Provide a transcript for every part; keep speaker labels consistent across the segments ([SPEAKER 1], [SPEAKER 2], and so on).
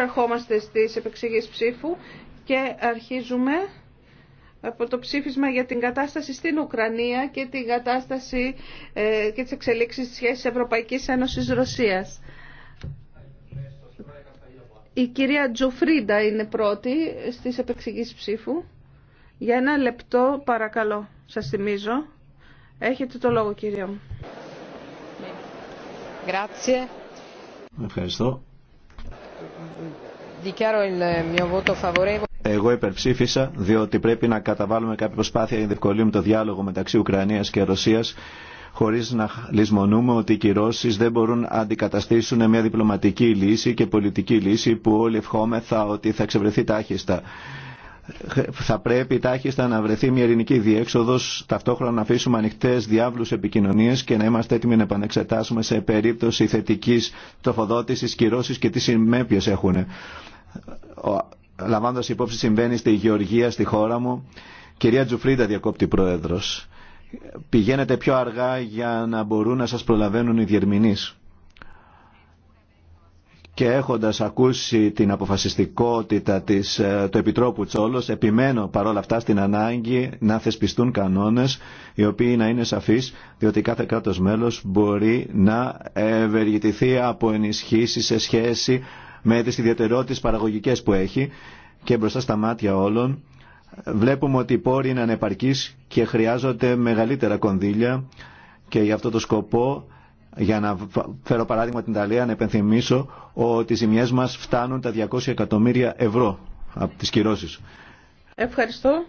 [SPEAKER 1] ερχόμαστε στις επεξηγήσεις ψήφου και αρχίζουμε από το ψήφισμα για την κατάσταση στην Ουκρανία και την κατάσταση ε, και τις εξελίξεις της σχέσης Ευρωπαϊκής Ένωσης Ρωσίας. Η κυρία Τζουφρίντα είναι πρώτη στις επεξηγήσεις ψήφου. Για ένα λεπτό παρακαλώ, σας θυμίζω. Έχετε το λόγο κυρία μου.
[SPEAKER 2] Ευχαριστώ. Εγώ υπερψήφισα διότι πρέπει να καταβάλουμε κάποια προσπάθεια για να διευκολύνουμε το διάλογο μεταξύ Ουκρανίας και Ρωσίας χωρίς να λησμονούμε ότι οι κυρώσεις δεν μπορούν να αντικαταστήσουν μια διπλωματική λύση και πολιτική λύση που όλοι ευχόμεθα ότι θα εξευρεθεί τάχιστα θα πρέπει τάχιστα να βρεθεί μια ειρηνική διέξοδο, ταυτόχρονα να αφήσουμε ανοιχτέ διάβλου επικοινωνίε και να είμαστε έτοιμοι να επανεξετάσουμε σε περίπτωση θετική τροφοδότηση, κυρώσει και τι συνέπειε έχουν. Λαμβάνοντα υπόψη συμβαίνει στη Γεωργία, στη χώρα μου, κυρία Τζουφρίντα διακόπτη πρόεδρο. Πηγαίνετε πιο αργά για να μπορούν να σα προλαβαίνουν οι διερμηνεί και έχοντας ακούσει την αποφασιστικότητα της, ε, του Επιτρόπου Τσόλος επιμένω παρόλα αυτά στην ανάγκη να θεσπιστούν κανόνες οι οποίοι να είναι σαφείς διότι κάθε κράτος μέλος μπορεί να ευεργητηθεί από ενισχύσεις σε σχέση με τις ιδιαιτερότητες παραγωγικές που έχει και μπροστά στα μάτια όλων βλέπουμε ότι οι πόροι είναι ανεπαρκείς και χρειάζονται μεγαλύτερα κονδύλια και για αυτό το σκοπό για να φέρω παράδειγμα την Ιταλία, να επενθυμίσω ότι οι ζημιέ μας φτάνουν τα 200 εκατομμύρια ευρώ από τις κυρώσει.
[SPEAKER 1] Ευχαριστώ.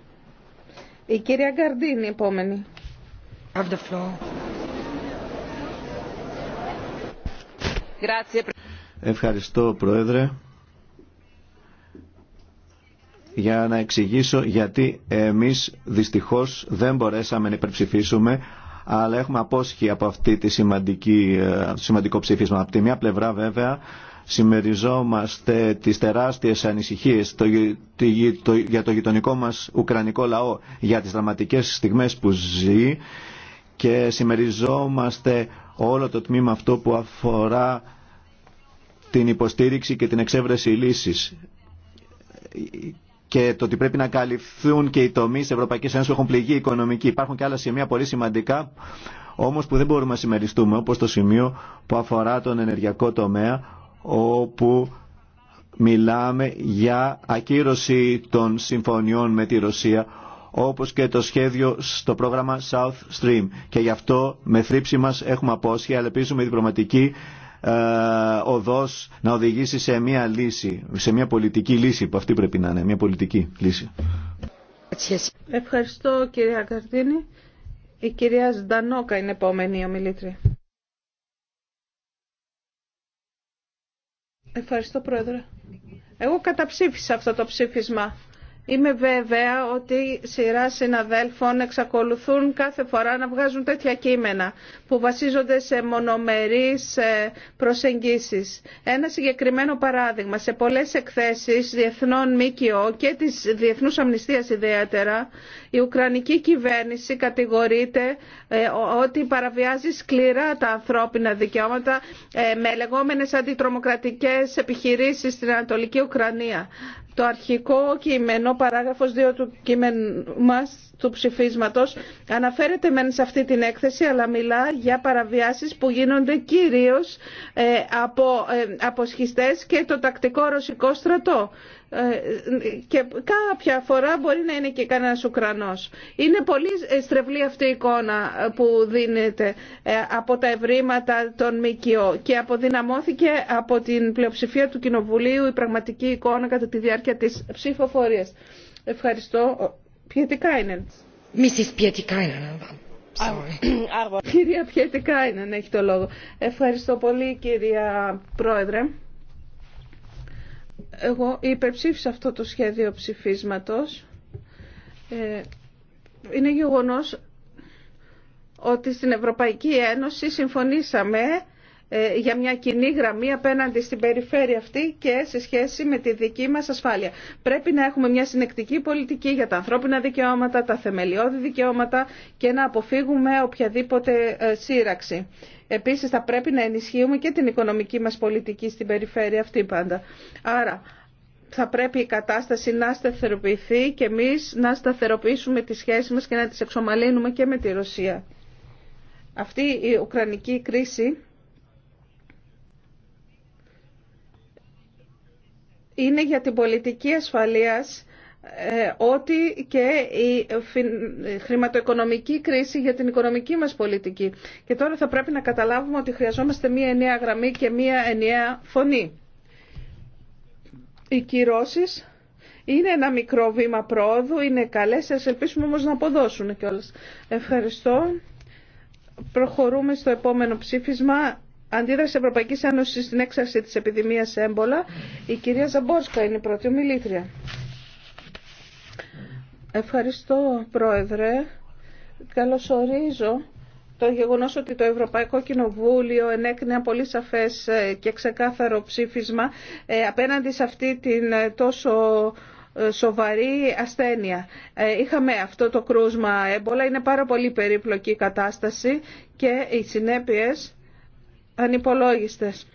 [SPEAKER 1] Η κυρία Γκαρντίνη, επόμενη.
[SPEAKER 2] Ευχαριστώ, Πρόεδρε. Για να εξηγήσω γιατί εμείς δυστυχώς δεν μπορέσαμε να υπερψηφίσουμε αλλά έχουμε απόσχη από αυτή τη σημαντική, ε, σημαντικό ψήφισμα. Από τη μία πλευρά βέβαια συμμεριζόμαστε τις τεράστιες ανησυχίες για το γειτονικό μας ουκρανικό λαό, για τις δραματικές στιγμές που ζει και συμμεριζόμαστε όλο το τμήμα αυτό που αφορά την υποστήριξη και την εξέβρεση λύσης και το ότι πρέπει να καλυφθούν και οι τομεί Ευρωπαϊκή Ένωση που έχουν πληγεί οικονομική. Υπάρχουν και άλλα σημεία πολύ σημαντικά όμω που δεν μπορούμε να συμμεριστούμε, όπω το σημείο που αφορά τον ενεργειακό τομέα, όπου μιλάμε για ακύρωση των συμφωνιών με τη Ρωσία όπως και το σχέδιο στο πρόγραμμα South Stream. Και γι' αυτό με θρύψη μας έχουμε απόσχεια, αλλά επίσης με διπλωματική ε, οδός να οδηγήσει σε μια λύση, σε μια πολιτική λύση που αυτή πρέπει να είναι, μια πολιτική λύση.
[SPEAKER 1] Ευχαριστώ κυρία Καρδίνη. Η κυρία Ζντανόκα είναι επόμενη ομιλήτρια. Ευχαριστώ πρόεδρε. Εγώ καταψήφισα αυτό το ψήφισμα. Είμαι βέβαια ότι σειρά συναδέλφων εξακολουθούν κάθε φορά να βγάζουν τέτοια κείμενα που βασίζονται σε μονομερείς ε, προσεγγίσεις. Ένα συγκεκριμένο παράδειγμα, σε πολλές εκθέσεις διεθνών ΜΚΟ και της Διεθνούς Αμνηστίας ιδιαίτερα, η Ουκρανική κυβέρνηση κατηγορείται ε, ότι παραβιάζει σκληρά τα ανθρώπινα δικαιώματα ε, με λεγόμενες αντιτρομοκρατικές επιχειρήσεις στην Ανατολική Ουκρανία. Το αρχικό κείμενο, παράγραφος 2 του κείμενου μας, του ψηφίσματος αναφέρεται μεν σε αυτή την έκθεση αλλά μιλά για παραβιάσεις που γίνονται κυρίως ε, από ε, αποσχιστές και το τακτικό ρωσικό στρατό ε, και κάποια φορά μπορεί να είναι και κανένας Ουκρανός. Είναι πολύ στρεβλή αυτή η εικόνα που δίνεται από τα ευρήματα των ΜΚΟ και αποδυναμώθηκε από την πλειοψηφία του Κοινοβουλίου η πραγματική εικόνα κατά τη διάρκεια της ψηφοφορίας. Ευχαριστώ πιετικά Mrs. είναι. Κυρία είναι, έχει το λόγο. Ευχαριστώ πολύ κυρία Πρόεδρε. Εγώ υπερψήφισα αυτό το σχέδιο ψηφίσματος. Ε, είναι γεγονός ότι στην Ευρωπαϊκή Ένωση συμφωνήσαμε ε, για μια κοινή γραμμή απέναντι στην περιφέρεια αυτή και σε σχέση με τη δική μας ασφάλεια. Πρέπει να έχουμε μια συνεκτική πολιτική για τα ανθρώπινα δικαιώματα, τα θεμελιώδη δικαιώματα και να αποφύγουμε οποιαδήποτε ε, σύραξη. Επίσης θα πρέπει να ενισχύουμε και την οικονομική μας πολιτική στην περιφέρεια αυτή πάντα. Άρα θα πρέπει η κατάσταση να σταθεροποιηθεί και εμείς να σταθεροποιήσουμε τις σχέσεις μας και να τις εξομαλύνουμε και με τη Ρωσία. Αυτή η Ουκρανική κρίση είναι για την πολιτική ασφαλείας ε, ότι και η χρηματοοικονομική κρίση για την οικονομική μας πολιτική. Και τώρα θα πρέπει να καταλάβουμε ότι χρειαζόμαστε μία ενιαία γραμμή και μία ενιαία φωνή. Οι κυρώσεις είναι ένα μικρό βήμα πρόοδου, είναι καλές, ας ελπίσουμε όμως να αποδώσουν κιόλας. Ευχαριστώ. Προχωρούμε στο επόμενο ψήφισμα. Αντίδραση Ευρωπαϊκή Ένωση στην έξαρση τη επιδημία έμπολα. Η κυρία Ζαμπόσκα είναι η πρώτη ομιλήτρια. Ευχαριστώ, Πρόεδρε. Καλωσορίζω το γεγονός ότι το Ευρωπαϊκό Κοινοβούλιο ενέκρινε ένα πολύ σαφέ ε, και ξεκάθαρο ψήφισμα ε, απέναντι σε αυτή την ε, τόσο σοβαρή ασθένεια. Είχαμε αυτό το κρούσμα έμπολα, είναι πάρα πολύ περίπλοκη η κατάσταση και οι συνέπειες ανυπολόγιστες.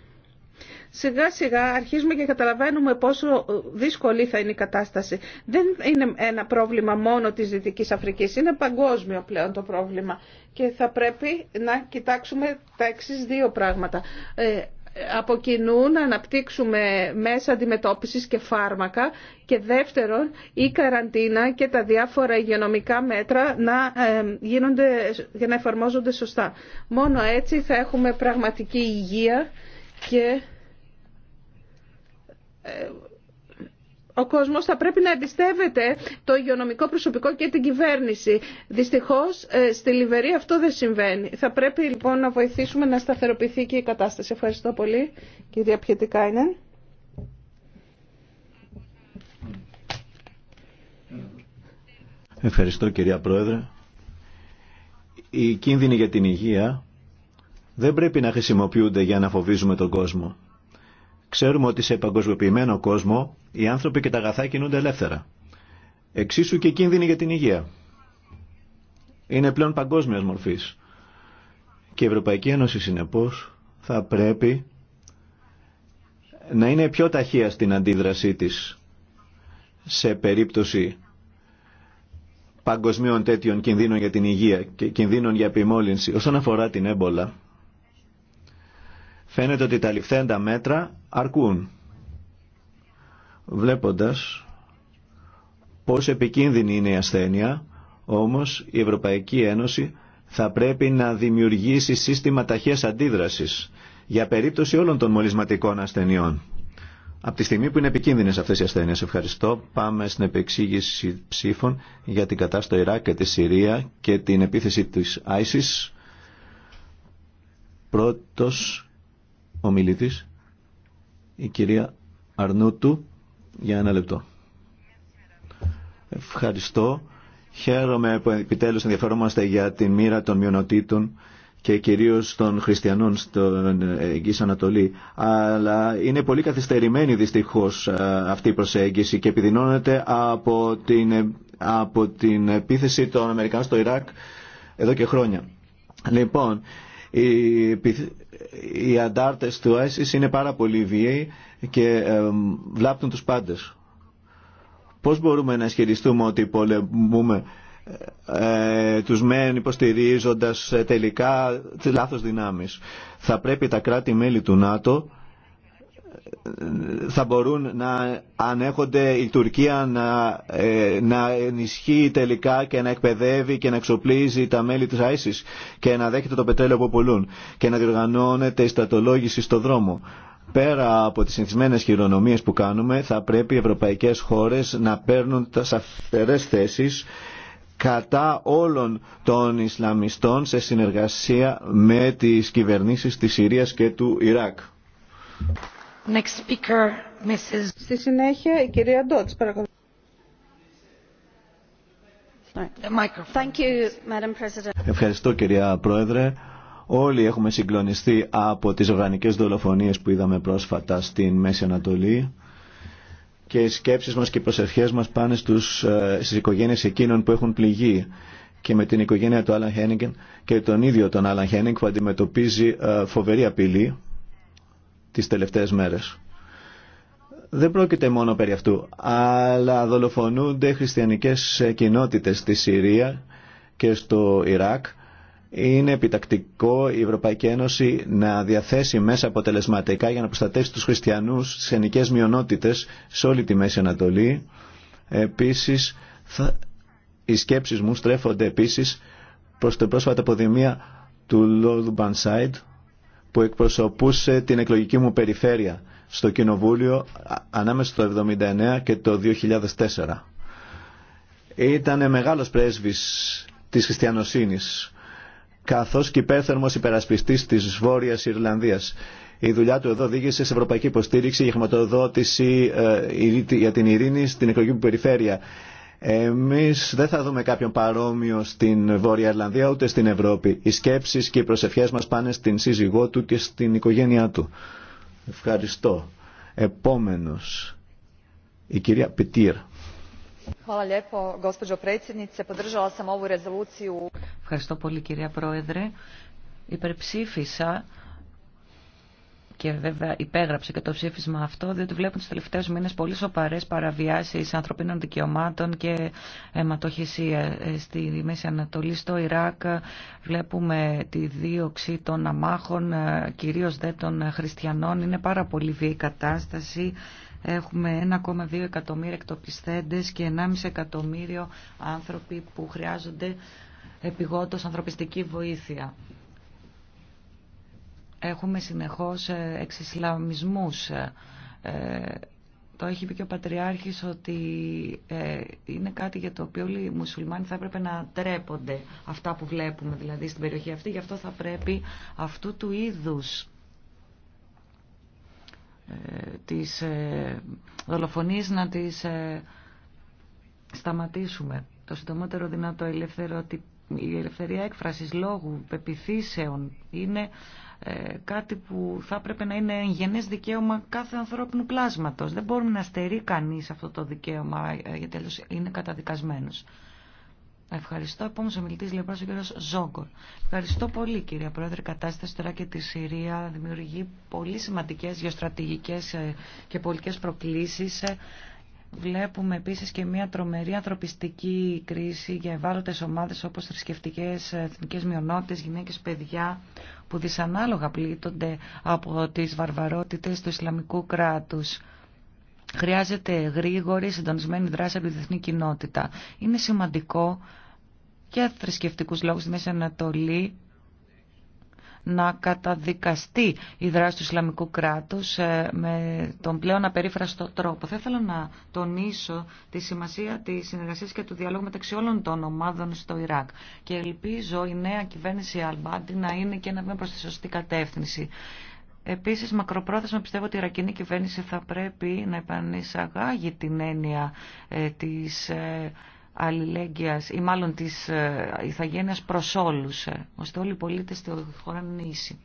[SPEAKER 1] Σιγά σιγά αρχίζουμε και καταλαβαίνουμε πόσο δύσκολη θα είναι η κατάσταση. Δεν είναι ένα πρόβλημα μόνο της Δυτικής Αφρικής, είναι παγκόσμιο πλέον το πρόβλημα. Και θα πρέπει να κοιτάξουμε τα εξής δύο πράγματα. Ε, από κοινού να αναπτύξουμε μέσα αντιμετώπισης και φάρμακα και δεύτερον η καραντίνα και τα διάφορα υγειονομικά μέτρα να ε, γίνονται να εφαρμόζονται σωστά. Μόνο έτσι θα έχουμε πραγματική υγεία και ε, ο κόσμος θα πρέπει να εμπιστεύεται το υγειονομικό προσωπικό και την κυβέρνηση. Δυστυχώς ε, στη Λιβερία αυτό δεν συμβαίνει. Θα πρέπει λοιπόν να βοηθήσουμε να σταθεροποιηθεί και η κατάσταση. Ευχαριστώ πολύ κυρία Πιετικάινεν.
[SPEAKER 2] Ευχαριστώ κυρία Πρόεδρε. Οι κίνδυνοι για την υγεία δεν πρέπει να χρησιμοποιούνται για να φοβίζουμε τον κόσμο. Ξέρουμε ότι σε παγκοσμιοποιημένο κόσμο οι άνθρωποι και τα αγαθά κινούνται ελεύθερα. Εξίσου και κίνδυνοι για την υγεία. Είναι πλέον παγκόσμια μορφή. Και η Ευρωπαϊκή Ένωση, συνεπώ, θα πρέπει να είναι πιο ταχεία στην αντίδρασή της σε περίπτωση παγκοσμίων τέτοιων κινδύνων για την υγεία και κινδύνων για επιμόλυνση. Όσον αφορά την έμπολα, Φαίνεται ότι τα ληφθέντα μέτρα αρκούν. Βλέποντας πόσο επικίνδυνη είναι η ασθένεια, όμως η Ευρωπαϊκή Ένωση θα πρέπει να δημιουργήσει σύστημα ταχείας αντίδρασης για περίπτωση όλων των μολυσματικών ασθενειών. Από τη στιγμή που είναι επικίνδυνε αυτέ οι ασθένειε. Ευχαριστώ. Πάμε στην επεξήγηση ψήφων για την κατάσταση του Ιράκ και τη Συρία και την επίθεση τη ISIS. πρώτο ομιλητής, η κυρία Αρνούτου, για ένα λεπτό. Ευχαριστώ. Χαίρομαι που επιτέλους ενδιαφερόμαστε για τη μοίρα των μειονοτήτων και κυρίως των χριστιανών στον εγγύς Ανατολή. Αλλά είναι πολύ καθυστερημένη δυστυχώς αυτή η προσέγγιση και επιδεινώνεται από την, από την επίθεση των Αμερικανών στο Ιράκ εδώ και χρόνια. Λοιπόν, η, οι αντάρτες του ISIS είναι πάρα πολύ βίαιοι και ε, βλάπτουν τους πάντες. Πώς μπορούμε να ισχυριστούμε ότι πολεμούμε ε, τους μεν υποστηρίζοντας τελικά τις λάθος δυνάμεις. Θα πρέπει τα κράτη-μέλη του ΝΑΤΟ θα μπορούν να ανέχονται η Τουρκία ε, να, ενισχύει τελικά και να εκπαιδεύει και να εξοπλίζει τα μέλη της ISIS και να δέχεται το πετρέλαιο που πολλούν και να διοργανώνεται η στρατολόγηση στο δρόμο. Πέρα από τις συνηθισμένες χειρονομίες που κάνουμε θα πρέπει οι ευρωπαϊκές χώρες να παίρνουν τα σαφερές θέσεις κατά όλων των Ισλαμιστών σε συνεργασία με τις κυβερνήσεις της Συρίας και του Ιράκ.
[SPEAKER 1] Στη συνέχεια η κυρία Ντότς,
[SPEAKER 2] Ευχαριστώ κυρία Πρόεδρε. Όλοι έχουμε συγκλονιστεί από τις οργανικές δολοφονίες που είδαμε πρόσφατα στην Μέση Ανατολή και οι σκέψεις μας και οι προσευχές μας πάνε στους, ε, στις οικογένειες εκείνων που έχουν πληγεί και με την οικογένεια του Άλαν Χένιγκεν και τον ίδιο τον Άλαν Χένιγκ που αντιμετωπίζει ε, φοβερή απειλή τις τελευταίες μέρες. Δεν πρόκειται μόνο περί αυτού, αλλά δολοφονούνται χριστιανικές κοινότητες στη Συρία και στο Ιράκ. Είναι επιτακτικό η Ευρωπαϊκή Ένωση να διαθέσει μέσα αποτελεσματικά για να προστατεύσει τους χριστιανούς, σε ενικές μειονότητες σε όλη τη Μέση Ανατολή. Επίσης, θα... οι σκέψεις μου στρέφονται επίσης προς την πρόσφατα αποδημία του Λόρδου Μπανσάιντ, που εκπροσωπούσε την εκλογική μου περιφέρεια στο Κοινοβούλιο ανάμεσα στο 1979 και το 2004. Ήταν μεγάλος πρέσβης της χριστιανοσύνης, καθώς και υπέρθερμος υπερασπιστής της Βόρειας Ιρλανδίας. Η δουλειά του εδώ οδήγησε σε ευρωπαϊκή υποστήριξη για χρηματοδότηση ε, για την ειρήνη στην εκλογική περιφέρεια. Εμείς δεν θα δούμε κάποιον παρόμοιο στην Βόρεια Ιρλανδία ούτε στην Ευρώπη. Οι σκέψεις και οι προσευχές μας πάνε στην σύζυγό του και στην οικογένειά του. Ευχαριστώ. Επόμενος, η κυρία Πιτήρ.
[SPEAKER 3] Ευχαριστώ πολύ κυρία Πρόεδρε. Υπερψήφισα και βέβαια υπέγραψε και το ψήφισμα αυτό, διότι βλέπουν τους τελευταίους μήνες πολύ σοπαρές παραβιάσεις ανθρωπίνων δικαιωμάτων και αιματοχυσία. Ε, ε, στη Μέση Ανατολή, στο Ιράκ, βλέπουμε τη δίωξη των αμάχων, ε, κυρίως δε των χριστιανών. Είναι πάρα πολύ η κατάσταση. Έχουμε 1,2 εκατομμύρια εκτοπιστέντες και 1,5 εκατομμύριο άνθρωποι που χρειάζονται επιγόντως ανθρωπιστική βοήθεια. Έχουμε συνεχώς ε, εξισλαμισμούς. Ε, το έχει πει και ο Πατριάρχης ότι ε, είναι κάτι για το οποίο όλοι οι μουσουλμάνοι θα έπρεπε να τρέπονται αυτά που βλέπουμε δηλαδή στην περιοχή αυτή. Γι' αυτό θα πρέπει αυτού του είδους τις δολοφονίες να τις σταματήσουμε. Το συντομότερο δυνατό ελεύθερο η ελευθερία έκφρασης λόγου, πεπιθήσεων είναι ε, κάτι που θα έπρεπε να είναι γενές δικαίωμα κάθε ανθρώπινου πλάσματος. Δεν μπορούμε να στερεί κανείς αυτό το δικαίωμα, ε, γιατί τέλος είναι καταδικασμένος. Ευχαριστώ. Επόμενο μιλητή λεπρό ο κύριο Ζόγκορ. Ευχαριστώ πολύ, κυρία Πρόεδρε. Η κατάσταση τώρα και τη Συρία δημιουργεί πολύ σημαντικέ γεωστρατηγικέ ε, και πολιτικέ προκλήσει Βλέπουμε επίσης και μια τρομερή ανθρωπιστική κρίση για ευάλωτες ομάδες όπως θρησκευτικέ εθνικές μειονότητες, γυναίκες, παιδιά που δυσανάλογα πλήττονται από τις βαρβαρότητες του Ισλαμικού κράτους. Χρειάζεται γρήγορη, συντονισμένη δράση από τη διεθνή κοινότητα. Είναι σημαντικό για θρησκευτικού λόγους στη Μέση Ανατολή να καταδικαστεί η δράση του Ισλαμικού κράτους ε, με τον πλέον απερίφραστο τρόπο. Θα ήθελα να τονίσω τη σημασία της συνεργασίας και του διαλόγου μεταξύ όλων των ομάδων στο Ιράκ και ελπίζω η νέα κυβέρνηση Αλμπάντη να είναι και να βγει προς τη σωστή κατεύθυνση. Επίσης, μακροπρόθεσμα πιστεύω ότι η Ιρακινή κυβέρνηση θα πρέπει να επανεισαγάγει την έννοια ε, της ε, αλληλέγγυας ή μάλλον της ε, ηθαγένειας προς όλους, ε, ώστε όλοι οι πολίτες στη χώρα είναι ίσοι.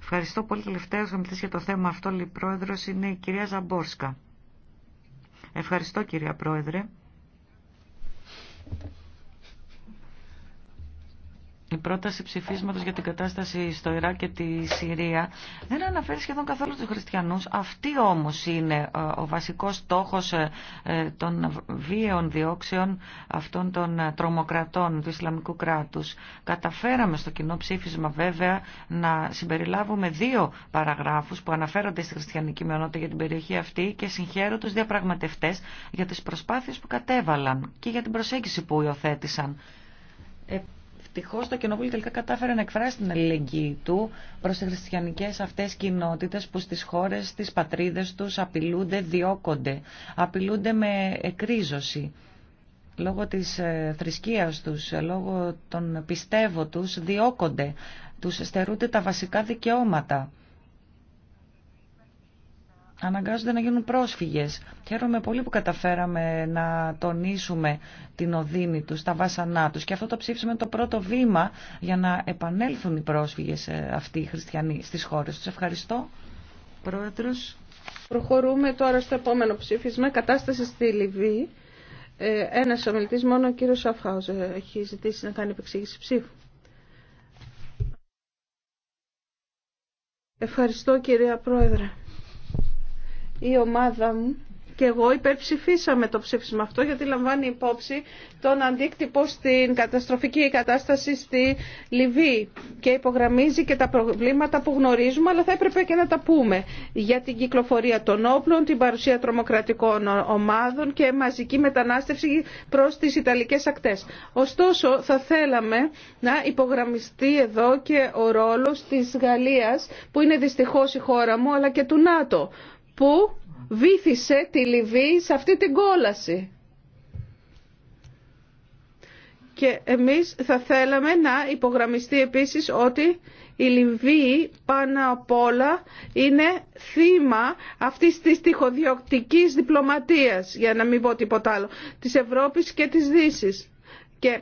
[SPEAKER 3] Ευχαριστώ πολύ τελευταία ομιλητή για το θέμα αυτό, η πρόεδρος είναι η κυρία Ζαμπόρσκα. Ευχαριστώ κυρία πρόεδρε. Η πρόταση ψηφίσματος για την κατάσταση στο Ιράκ και τη Συρία δεν αναφέρει σχεδόν καθόλου τους χριστιανούς. Αυτή όμως είναι ε, ο βασικός στόχος ε, ε, των βίαιων διώξεων αυτών των τρομοκρατών του Ισλαμικού κράτους. Καταφέραμε στο κοινό ψήφισμα βέβαια να συμπεριλάβουμε δύο παραγράφους που αναφέρονται στη χριστιανική μειονότητα για την περιοχή αυτή και συγχαίρω τους διαπραγματευτές για τις προσπάθειες που κατέβαλαν και για την προσέγγιση που υιοθέτησαν. Ευτυχώ το κοινοβούλιο τελικά κατάφερε να εκφράσει την αλληλεγγύη του προ τι χριστιανικέ αυτέ κοινότητε που στι χώρε, στι πατρίδε του απειλούνται, διώκονται, απειλούνται με εκρίζωση. Λόγω της ε, θρησκείας τους, λόγω των πιστεύω τους, διώκονται, τους στερούνται τα βασικά δικαιώματα αναγκάζονται να γίνουν πρόσφυγες. Χαίρομαι πολύ που καταφέραμε να τονίσουμε την οδύνη τους, τα βάσανά τους και αυτό το ψήφισμα είναι το πρώτο βήμα για να επανέλθουν οι πρόσφυγες ε, αυτοί οι χριστιανοί στις χώρες τους. Ευχαριστώ.
[SPEAKER 1] Πρόεδρος. Προχωρούμε τώρα στο επόμενο ψήφισμα. Κατάσταση στη Λιβύη. Ε, Ένα ομιλητή, μόνο ο κύριο Σαφχάουζε, έχει ζητήσει να κάνει επεξήγηση ψήφου. Ευχαριστώ κυρία Πρόεδρε η ομάδα μου και εγώ υπερψηφίσαμε το ψήφισμα αυτό γιατί λαμβάνει υπόψη τον αντίκτυπο στην καταστροφική κατάσταση στη Λιβύη και υπογραμμίζει και τα προβλήματα που γνωρίζουμε αλλά θα έπρεπε και να τα πούμε για την κυκλοφορία των όπλων, την παρουσία τρομοκρατικών ομάδων και μαζική μετανάστευση προς τις Ιταλικές ακτές. Ωστόσο θα θέλαμε να υπογραμμιστεί εδώ και ο ρόλος της Γαλλίας που είναι δυστυχώς η χώρα μου αλλά και του ΝΑΤΟ που βήθησε τη Λιβύη σε αυτή την κόλαση. Και εμείς θα θέλαμε να υπογραμμιστεί επίσης ότι η Λιβύη πάνω απ' όλα είναι θύμα αυτής της τυχοδιοκτικής διπλωματίας, για να μην πω τίποτα άλλο, της Ευρώπης και της Δύσης. Και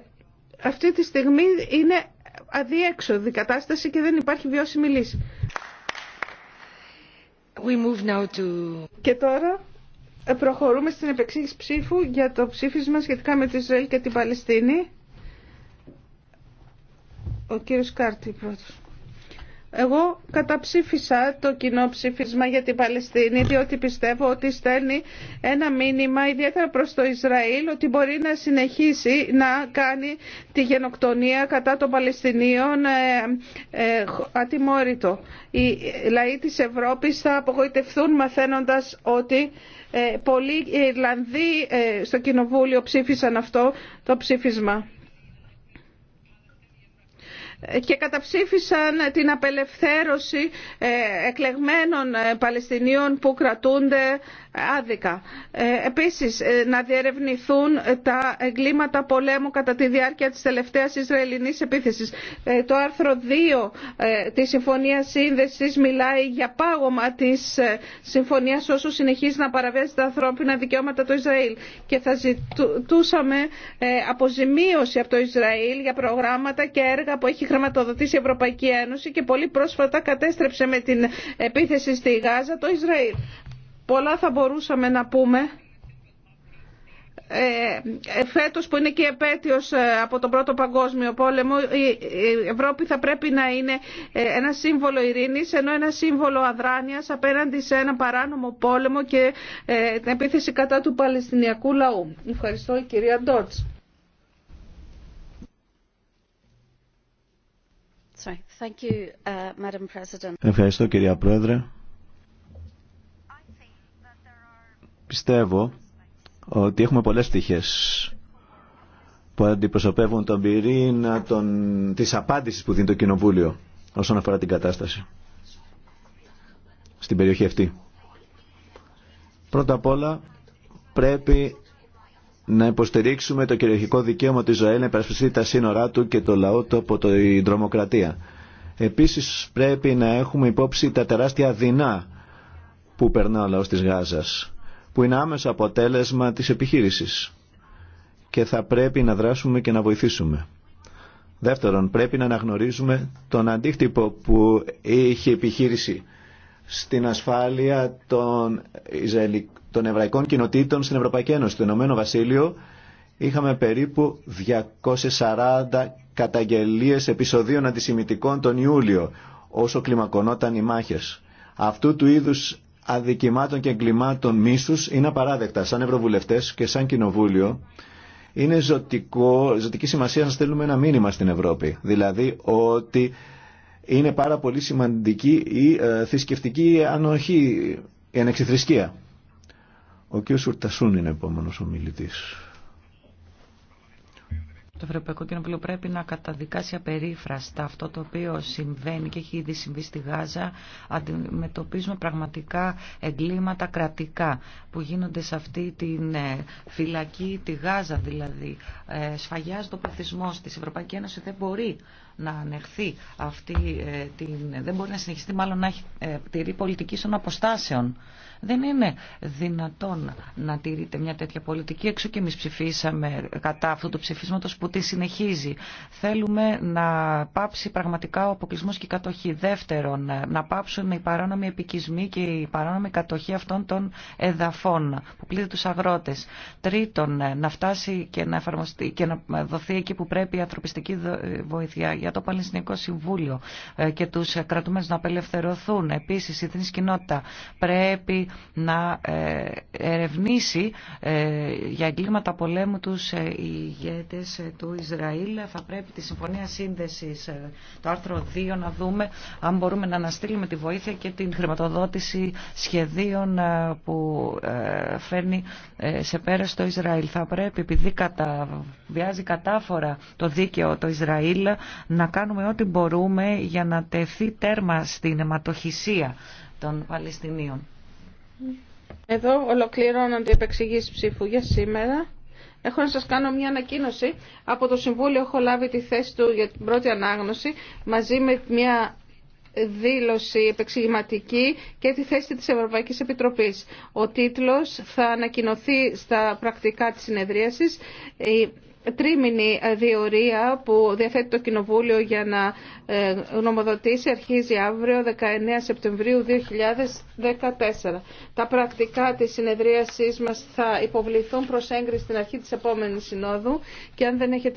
[SPEAKER 1] αυτή τη στιγμή είναι αδιέξοδη κατάσταση και δεν υπάρχει βιώσιμη λύση. Και τώρα ε, προχωρούμε στην επεξήγηση ψήφου για το ψήφισμα σχετικά με τη Ισραήλ και την Παλαιστίνη. Ο κύριος Κάρτη πρώτος. Εγώ καταψήφισα το κοινό ψήφισμα για την Παλαιστίνη διότι πιστεύω ότι στέλνει ένα μήνυμα ιδιαίτερα προς το Ισραήλ ότι μπορεί να συνεχίσει να κάνει τη γενοκτονία κατά των Παλαιστινίων ε, ε, ατιμόρυτο. Οι λαοί της Ευρώπης θα απογοητευθούν μαθαίνοντας ότι ε, πολλοί Ιρλανδοί ε, στο Κοινοβούλιο ψήφισαν αυτό το ψήφισμα και καταψήφισαν την απελευθέρωση ε, εκλεγμένων ε, Παλαιστινίων που κρατούνται άδικα. Ε, επίσης, να διερευνηθούν τα εγκλήματα πολέμου κατά τη διάρκεια της τελευταίας Ισραηλινής επίθεσης. Το άρθρο 2 της Συμφωνίας Σύνδεσης μιλάει για πάγωμα της Συμφωνίας όσο συνεχίζει να παραβιάζει τα ανθρώπινα δικαιώματα του Ισραήλ και θα ζητούσαμε αποζημίωση από το Ισραήλ για προγράμματα και έργα που έχει έχει χρηματοδοτήσει η Ευρωπαϊκή Ένωση και πολύ πρόσφατα κατέστρεψε με την επίθεση στη Γάζα το Ισραήλ. Πολλά θα μπορούσαμε να πούμε ε, ε φέτος που είναι και επέτειος ε, από τον Πρώτο Παγκόσμιο Πόλεμο η Ευρώπη θα πρέπει να είναι ε, ένα σύμβολο ειρήνης ενώ ένα σύμβολο αδράνειας απέναντι σε ένα παράνομο πόλεμο και την επίθεση κατά του Παλαιστινιακού λαού. Ευχαριστώ η κυρία Ντότς. Uh,
[SPEAKER 2] Ευχαριστώ κυρία Πρόεδρε. Πιστεύω ότι έχουμε πολλές πτυχές που αντιπροσωπεύουν τον πυρήνα των, της απάντησης που δίνει το Κοινοβούλιο όσον αφορά την κατάσταση στην περιοχή αυτή. Πρώτα απ' όλα πρέπει να υποστηρίξουμε το κυριαρχικό δικαίωμα του Ισραήλ να υπερασπιστεί τα σύνορά του και το λαό του από την τρομοκρατία. Επίσης πρέπει να έχουμε υπόψη τα τεράστια δεινά που περνά ο λαός της Γάζας, που είναι άμεσο αποτέλεσμα της επιχείρησης και θα πρέπει να δράσουμε και να βοηθήσουμε. Δεύτερον, πρέπει να αναγνωρίζουμε τον αντίκτυπο που είχε επιχείρηση στην ασφάλεια των Ισραηλικών των εβραϊκών κοινοτήτων στην Ευρωπαϊκή Ένωση. Στο Ηνωμένο Βασίλειο είχαμε περίπου 240 καταγγελίες επεισοδίων αντισημιτικών τον Ιούλιο, όσο κλιμακωνόταν οι μάχες. Αυτού του είδους αδικημάτων και εγκλημάτων μίσους είναι απαράδεκτα σαν Ευρωβουλευτές και σαν Κοινοβούλιο. Είναι ζωτικό, ζωτική σημασία να στέλνουμε ένα μήνυμα στην Ευρώπη, δηλαδή ότι είναι πάρα πολύ σημαντική η ε, θρησκευτική ανοχή, η ανεξιθρησκεία. Ο κ. Σουρτασούν είναι επόμενο ομιλητή.
[SPEAKER 3] Το Ευρωπαϊκό Κοινοβούλιο πρέπει να καταδικάσει απερίφραστα αυτό το οποίο συμβαίνει και έχει ήδη συμβεί στη Γάζα. Αντιμετωπίζουμε πραγματικά εγκλήματα κρατικά που γίνονται σε αυτή τη ε, φυλακή, τη Γάζα δηλαδή. Ε, σφαγιάζει το πληθυσμό τη. Η Ευρωπαϊκή Ένωση δεν μπορεί να ανεχθεί αυτή ε, την... δεν μπορεί να συνεχιστεί μάλλον να έχει ε, τηρεί πολιτική των αποστάσεων. Δεν είναι δυνατόν να τηρείται μια τέτοια πολιτική. Έξω και εμεί ψηφίσαμε κατά αυτού του ψηφίσματο που τη συνεχίζει. Θέλουμε να πάψει πραγματικά ο αποκλεισμό και η κατοχή. Δεύτερον, ε, να πάψουν οι παράνομοι επικισμοί και η παράνομη κατοχή αυτών των εδαφών που πλήττει του αγρότε. Τρίτον, να φτάσει και να, εφαρμοστεί, και να δοθεί εκεί που πρέπει η ανθρωπιστική βοήθεια για το Παλαιστινικό Συμβούλιο ε, και τους κρατούμενους να απελευθερωθούν. Επίσης, η Εθνής κοινότητα πρέπει να ε, ερευνήσει ε, για εγκλήματα πολέμου τους ηγέτες του Ισραήλ. Θα πρέπει τη Συμφωνία Σύνδεσης, το άρθρο 2, να δούμε αν μπορούμε να αναστείλουμε τη βοήθεια και την χρηματοδότηση σχεδίων που φέρνει σε πέρα στο Ισραήλ. Θα πρέπει, επειδή βιάζει κατάφορα το δίκαιο το Ισραήλ, να κάνουμε ό,τι μπορούμε για να τεθεί τέρμα στην αιματοχυσία των Παλαιστινίων.
[SPEAKER 1] Εδώ ολοκληρώνονται οι επεξηγήσεις ψήφου για σήμερα. Έχω να σας κάνω μια ανακοίνωση. Από το Συμβούλιο έχω λάβει τη θέση του για την πρώτη ανάγνωση μαζί με μια δήλωση επεξηγηματική και τη θέση της Ευρωπαϊκής Επιτροπής. Ο τίτλος θα ανακοινωθεί στα πρακτικά της συνεδρίασης τρίμηνη διορία που διαθέτει το Κοινοβούλιο για να ε, γνωμοδοτήσει αρχίζει αύριο 19 Σεπτεμβρίου 2014. Τα πρακτικά της συνεδρίασής μας θα υποβληθούν προς έγκριση στην αρχή της επόμενης συνόδου και αν δεν έχετε